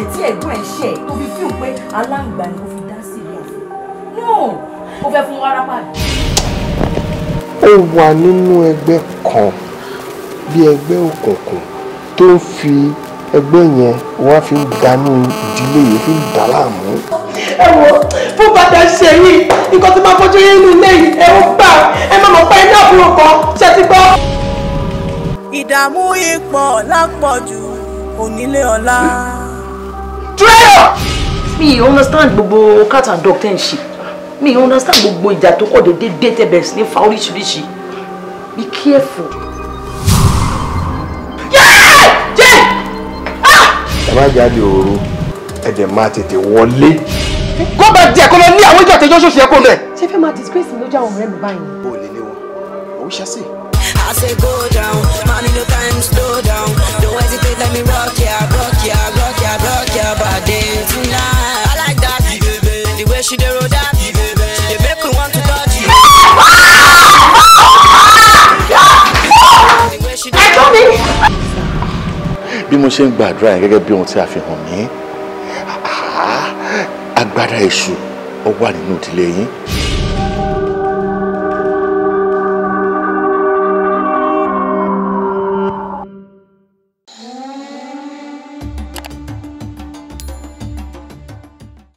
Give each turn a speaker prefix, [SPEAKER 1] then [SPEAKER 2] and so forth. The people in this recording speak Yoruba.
[SPEAKER 1] ẹ̀ṣẹ̀ tí ẹ̀gbọ́n ẹ̀ ṣẹ̀ tó fi fíìmù pé aláǹgbá ni mo fi dá sí ìyá fún no ó fẹ́ fún wárápá mi. ó wà nínú ẹgbẹ́ kan bí ẹgbẹ́ òkùnkùn tó ń fi ẹgbẹ́ yẹn wọ́n fi ń dànù ìdílé yìí fi ń dà láàmú. ẹ wo fún bàtà ṣe yìí nǹkan tó máa fojú yín nínú ilé yìí ẹ ń gbà ẹ máa mọ̀ pé iná àbúrò kan ṣe ti gbọ́. ìdààmú ipò lápọ̀jù onílé ọlá. Me understand gbogbo cat and dog ten ṣe Me understand gbogbo ìjà tó kọ̀ déédéé dé tẹ̀ bẹ̀rẹ̀ sí ní fa oríṣiríṣi be careful. Ah! ẹ má jáde òru ẹ dẹ̀ máa tètè wọlé. kó bá díẹ̀ kó lọ ní àwọn ìjọ àtẹjọ́ ṣòṣì ẹ̀kọ́ rẹ̀. ṣé fẹ́ máa disgrace mi lójú àwọn ọ̀rẹ́ mi báyìí. o lè lé wọn òun ṣe é sí. bí mo ṣe ń gbàdúrà yẹn gẹ́gẹ́ bí ohun tí a fi hàn mí agbára èṣù ó wà nínú ìdílé yín